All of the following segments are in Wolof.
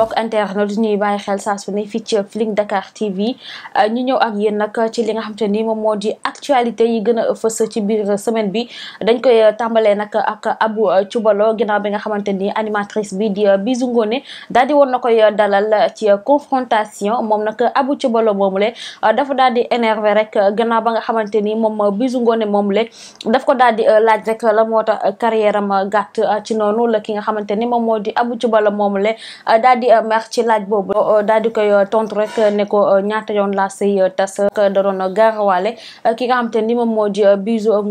mbokk internet ñuy bàyyi xel saa su ne ci Feeling Dakar TV euh, ñu ñëw ak yéen nag ci li nga xam te ni moom moo di actualité yi gën a ci biir semaine bi dañ koy euh, tàmbalee nag ak Abou euh, Thioubalo ginnaaw bi nga xamante ni animatrice bi di Bijou Ngoné daal di woon na koy dalal ci confrontation moom nag Abou Thioubalo moomule dafa daal di énervé rek gannaaw ba nga xamante ni moom Bijou Ngoné moomule daf ko daal di laaj rek la moo tax carrière am gàtt ci noonu la ki nga xamante ni moom moo di Abou Thioubalo moomule daal di mer ci laaj boobu euh, daal di koy euh, tontu rek euh, ne ko ñaata yoon laa sëy tas da doon garawaale ki nga xam te ni moom moo di Bijou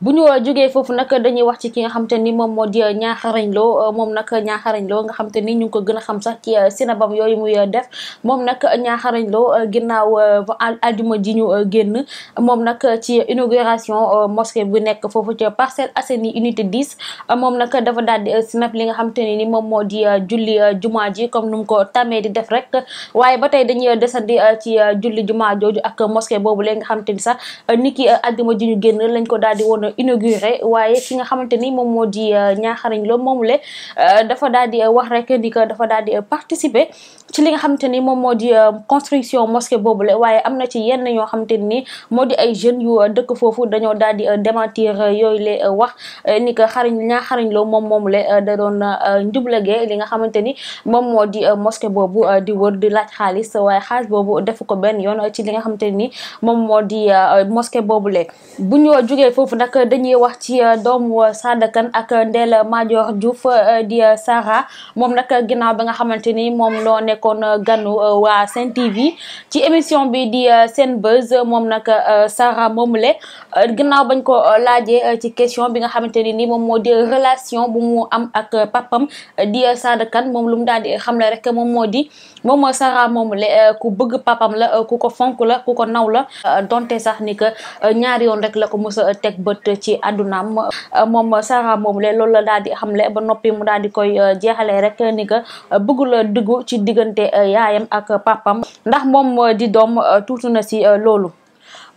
bu ñu uh, jógee foofu nag dañuy wax ci ki nga xam te ni moom moo di ñaaxarañ uh, loo uh, moom nag ñaaxarañ loo nga xam te ñu ngi ko gën a xam sax ci sinabam yooyu muy def moom nag ñaaxarañ loo ginnaaw aljuma ji ñu génn moom nag ci inauguration mosquée bu nekk foofu ci Parcelles Assainies unité 10 moom nag dafa daal di sinab li nga xam te ni moom moo di julli juma ji comme nu mu ko tàmmee di def rek waaye ba tey dañuy desandi ci julli juma jooju ak mosquée boobu léegi nga xam te ni sax niki aljuma ji ñu génn lañ ko daal di woon a inauguré waaye ki nga xamante ni moom moo di ñaaxarañ euh, loo moomule euh, dafa daal di euh, wax rek ni que dafa daal di participer ci li nga xamante ni moom moo di euh, construction mosquée boobu la waaye am na ci yenn ñoo xamante ni moo di ay jeunes yu euh, dëkk foofu dañoo daal di euh, démentir yooyu la wax ni que xarañ ñaa xarañ loo moom moom la da doon njublagee li nga xamante ni moom moo di mosquée boobu di wër di laaj xaalis waaye xaalis boobu defu ko benn yoon ci li nga xamante ni moom moo di mosquée boobu la bu ñu jógee foofu nag dañuy wax ci doom Sada Kane ak Ndella Madior Diouf di Sara moom nag ginnaaw bi nga xamante ni moom loo nekk nekkoon euh, ganu euh, waa Sen TV ci émission bi di euh, Sen Buzz moom nag Sara Momule gannaaw bañ ko laajee ci question bi nga xamante ne ni moom moo di relation bu mu am ak papam di Sada Kane moom lu mu daal di xam le rek moom moo di moom Sara Momule ku bëgg papam la ku ko fonk la ku ko naw la donte sax ni que ñaari yoon rek la ko mos a teg bët ci àddunaam moom Sara Momule loolu la daal di xamle ba noppi mu daal di koy jeexalee rek ni que bëggul dugg ci diggante diggante eh, yaayam ak papam ndax moom eh, di doom eh, tuutu na si loolu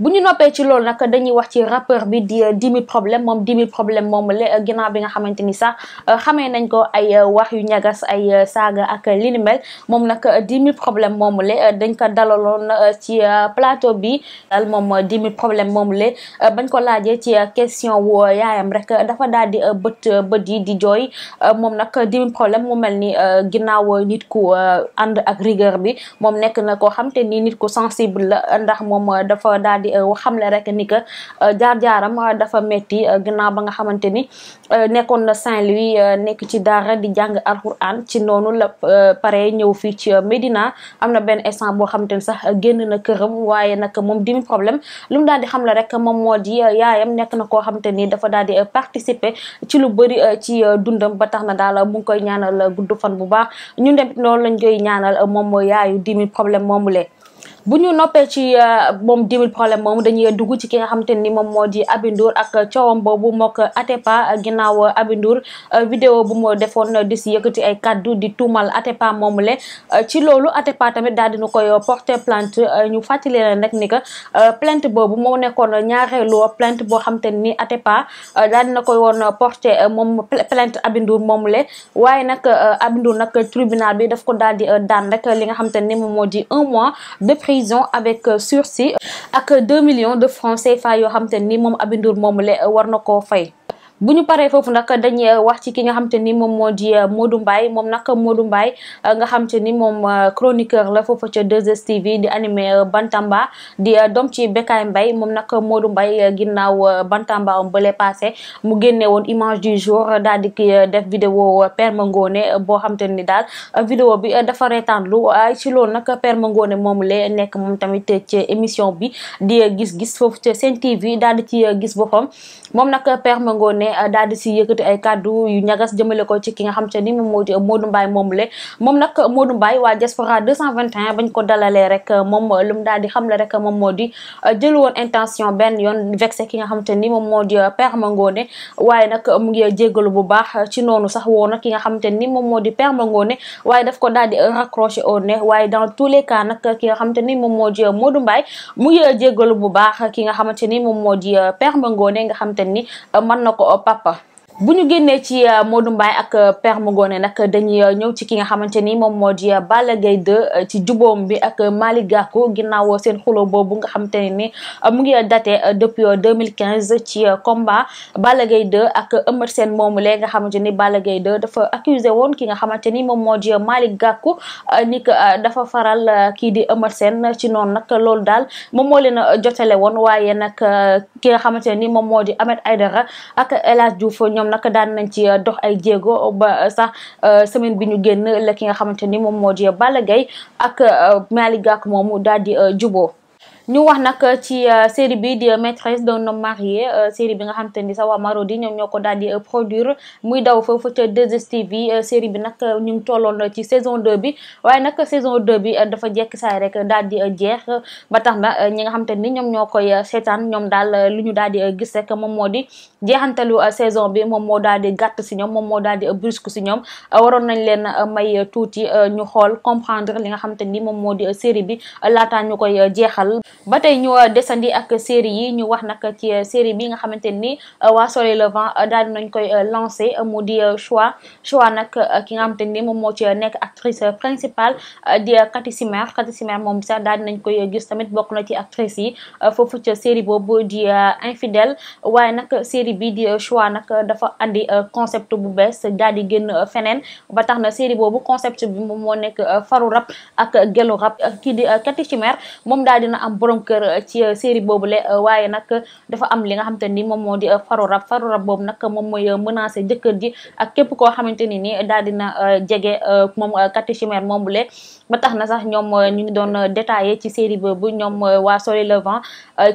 bu ñu noppee ci loolu nag dañuy wax ci rappeur bi di euh, dix mille problème moom dix mille problème moom la euh, bi nga xamante ni sax euh, xamee nañ ko ay wax yu ñagas ay saaga ak li moom nag dix mille problème moom la dañ ko dalaloon ci plateau bi daal moom dix mille problème moom le bañ ko laajee ci question wu yaayam rek dafa daal di bët bët yi di jooy moom nag dix mille problème mu mel ni ginnaaw nit ku ànd ak bi moom nekk na koo xam te ni nit ku sensible la ndax moom dafa daal xam euh, xamle rek ni que euh, jaar-jaaram euh, dafa metti ginnaaw ba nga xamante ni nekkoon na Saint-Louis nekk ci daara di jàng alxuraan ci noonu la pare ñëw fii ci Médina am na benn instant boo xamante ni sax génn na këram waaye nag moom dimi problème lu mu daal di xamle rek moom moo di yaayam nekk na koo xamante ni dafa daal di participer ci lu bëri ci dundam ba tax na daal mu ngi koy ñaanal gudd fan bu baax ñun tamit loolu lañ koy ñaanal moom mooy yaayu dimi problème moomu lee bu ñu noppee ci euh, moom dimil problème moom dañuy dugg ci ki nga xamante ni moom moo di Aby ak coowam boobu mook Atepa ginnaaw abindur Ndour euh, vidéo bu mu defoon di si yëkkati ay kaddu di tuumal Atepa moomu le euh, ci loolu Atepa tamit daal dina koy porter plainte ñu fàttali leen rek ni que plainte boobu moo nekkoon ñaareelu plainte boo xamante ni Atepa daal na koy woon porter moom plainte Aby Ndour moomu le waaye nag abindur Ndour nag tribunal bi def ko daal di daan rek li nga xamante ni moom moo di un mois de prison avec euh, sursis ak 2 millions de francs CFA yoo xam te ni moom Aby Ndour moom la euh, war na koo fay. bu ñu paree foofu nag dañuy eh, wax ci ki nga xam te ni moom moo di eh, Modou Mbaye moom nag Modou Mbaye eh, nga xam te ni moom chroniqueur la foofa ca 2STV di animé Bantamba di doom ci Bekaay Mbaye moom nag Modou Mbaye ginnaaw Bantamba am bële passé mu génnee woon image du jour daal di ki def vidéo Père Mangone boo xam te ni daal vidéo bi dafa reetaan lu ci loolu nag Père Mangone moom la nekk moom tamit ci émission bi di gis-gis foofu ca Sen TV daal di ci gis boppam Euh, daal di si yëkkati ay kàddu yu ñagas jëmale ko ci ki nga xam te ni moom moo di Modou Mbaye moom le euh, moom euh, yoon vexé ki nga xam te ni moom moo di Père Mangone waaye nag mu ngi jéggalu bu baax ci noonu sax woo na ki nga xam te ni moom moo di Père Mangone waaye daf ko daal di raccroché au nez waaye dans tous les nga xam te ni moom moo di Modou Mbaye bu baax ki nga xamante ni moom moo di Père Mangone nga xamante ni mën pappa. bu ñu génnee ci euh, Modou Mbaye ak euh, Père Mangone nag dañuy euh, ñëw ci ki nga xamante ni moom moo di Balla Gaye 2 ci jubóom bi ak Malick Gakou ginnaaw seen xuloo boobu nga xamante ne ni mu ngi daté depuis 2015 ci combat Balla Gaye 2 ak Eumeu Sène moomu lee nga xamante ni Balla Gaye dafa accusé woon ki nga xamante ni moom moo di Malick gàkku ni dafa faral kii di Eumeu seen ci noonu nag loolu daal moom moo leen jotale woon waaye nag ki nga xamante ne ni moom moo di Ahmed Aïdara ak El Hadj ñoom nag daan nañ ci euh, dox ay jéego ba euh, sax euh, semaine bi ñu génn la ki nga xamante ni moom moo di Balla Gaye ak Malick moomu daal di juboo ñu wax nag ci euh, série bi di euh, maîtresse d'un homme marié euh, série bi nga xam te ni sa waa Marodi ñoom ñoo ko daal di produire muy daw foofu ca 2 bi série bi nag ñu ngi tolloon ci saison 2 bi waaye nag saison 2 bi dafa jekk saay rek daal di jeex ba tax na ñi nga xam te ñoom ñoo koy seetaan ñoom daal lu ñu daal di gis rek moom moo di jeexantalu saison bi moom moo daal di gàtt si ñoom moom moo daal di brusque si ñoom waroon nañ leen may tuuti ñu xool comprendre li nga xam te ni moom moo di série bi laataa ñu koy jeexal ba tey ñu euh, desandi ak série yi ñu wax nag ci euh, série bi nga xamante ni euh, waa Soleil Levant daal di nañ koy lancé mu di choix choix nag ki nga xam xamante ni moom moo ci nekk actrice principale di Cathy Simard Cathy Simard moom sax daal di nañ koy gis tamit bokk na ci actrice yi foofu ci série boobu di infidèle waaye nag série bi di choix nag dafa andi concept bu bees daal di génn feneen ba tax na série boobu concept bi moom moo nekk faru rap ak gelu borom kër eh, ci eh, série boobu le eh, waaye nag dafa am li nga xamante ni moom moo di faru rab faru rab boobu nag moom mooy menacer jëkkër ji ak képp koo xamante ni nii daal dina jege moom Kati Chimère le ba tax na sax ñoom ñu ngi doon détaillé ci série boobu ñoom waa Soleil Levant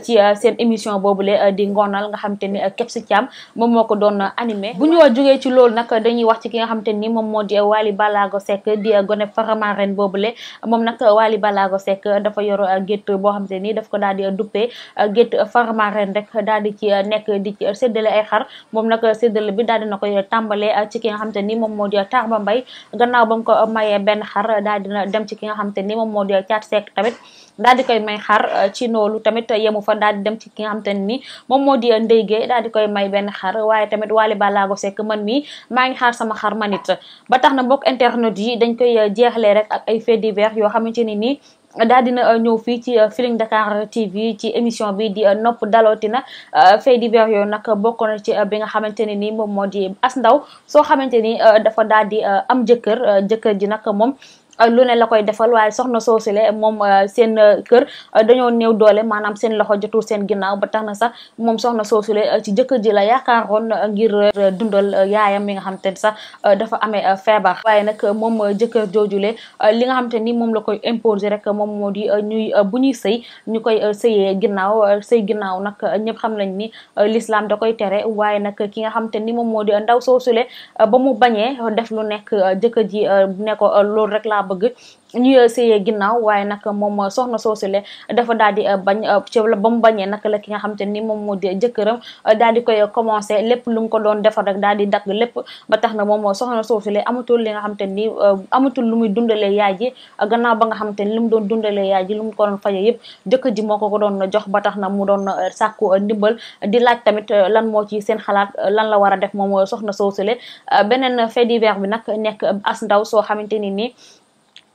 ci seen émission boobu le di ngoonal nga xamante ni Kebs Thiam moom moo ko doon animé bu ñu jógee ci loolu nag dañuy ki nga xamante ni moom moo di Wally Ballago Seck di gone farama ren boobu le moom xamante ni daf ko daal di duppee euh, Guet euh, Farmaren rek daal di ci euh, nekk di ci séddale ay xar moom nag séddale bi daal dina koy tàmbalee ci ki nga xamante ni moom moo di Tarba Mbaye gannaaw ba mu ko mayee benn xar daal dina dem ci ki nga xamante ni moom moo di a Seck tamit daal koy may xar ci noolu tamit yemu fa daal di dem ci ki nga xamante ni moom moo di Ndeye Gueye daal di koy may benn xar waaye tamit Waly Ballago Seck man mii maa ngi xaar sama xar manit ba tax na mbokk internet yi dañ koy jeexlee rek ak ay faits divers yoo xamante ni nii daal dina euh, ñëw fii ci euh, Feeling Dakar TV ci émission bi di euh, nopp dalootina fait divers yooyu nag bokk na ci bi nga xamante ne ni moom moo di as ndaw soo xamante ni dafa daal di am jëkkër jëkkër ji nag moom lu ne la koy defal waaye soxna soosile moom euh, seen euh, kër euh, dañoo néew doole maanaam seen loxo jotul seen ginnaaw ba tax na sax moom soxna soosile ci jëkkër ji la yaakaaroon ngir dundal yaayam mi nga xam te sax dafa amee feebar waaye nag moom jëkkër le li nga xam te ni moom la koy imposer rek moom moo di ñuy bu ñuy sëy ñu koy sëyee ginnaaw sëy ginnaaw nag ñëpp xam nañ ni l'islam da koy tere waaye nag ki nga xam te ni moom moo di ndaw soosule ba mu bañee def lu nekk jëkkër ji ne ko loolu rek laa bëgg ñu seeyee ginnaaw waaye nag moom soxna soosule dafa daal di euh, bañ euh, ci ba mu bañee nag la ki nga xamante ni moom moo di jëkkëram euh, daal di koy commencé lépp lu mu ko doon defar rek daal di dagg lépp ba tax na moom soxna soosule amatul li nga xamante ni amatul lu muy dundalee yaay ji gannaaw ba nga xamante ni lu mu doon dundalee yaay ji lu mu ko doon faje yëpp jëkkër ji moo ko ko doon jox ba tax na mu doon sàkku ndimbal di laaj tamit lan moo ci seen xalaat lan la war a def moom soxna soosule beneen fait divers bi nag nekk as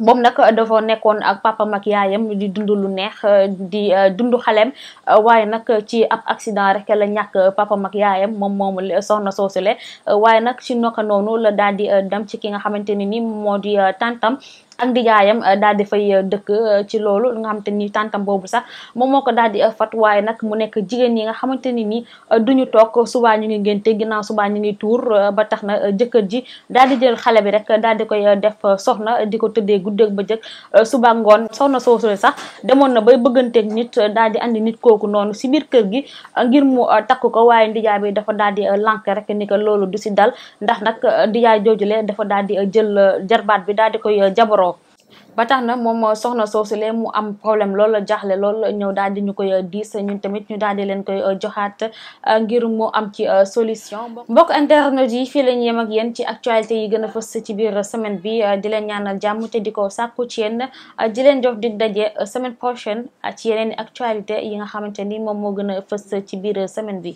moom nag euh, defo nekkoon ak papam ak yaayam di dund lu neex euh, di euh, dund xalem waaye nag ci ab accident rek la ñàkk papam ak yaayam moom moomu soxna soosule waaye nag ci nokka noonu la daal di dam ci ki nga xamante ne ni moo di tantam ak ndijaayam euh, daal di fay euh, dëkk euh, ci loolu nga xam xamante ni tàntam boobu sax moom moo ko daal di fat waaye nag mu nekk jigéen ñi nga xamante ni ni duñu toog subaa ñu ngi ngénte ginnaaw subaa ñu ngi tuur ba tax na jëkkër ji daal di jël xale bi rek daal di koy def soxna di ko tëddee guddeeg ba jëkk suba ngoon soxna soosule sax demoon na bay bëgganteeg nit daal di andi nit kooku noonu si biir kër gi ngir mu takk ko waaye ndijaay bi dafa daal di lank rek ni ko loolu du si dal ndax nag ndijaay joojule dafa daal di jël jarbaat bi daal di koy jabaroo ba tax na moom soxna soosu lee mu am problème loolu la jaaxle loolu ñëw daal di ñu koy euh, diis ñun tamit ñu daal di leen koy euh, joxaat euh, ngir mu am ci solution. mbokk internet yi fii la ñu yem ak yéen ci actualité yi gën a fës ci biir semaine bi di leen ñaanal jàmm te di ko sàkku ci yéen di leen jox dig daje semaine prochaine ci yeneen actualité yi nga xamante ni moom moo gën a fës ci biir semaine bi.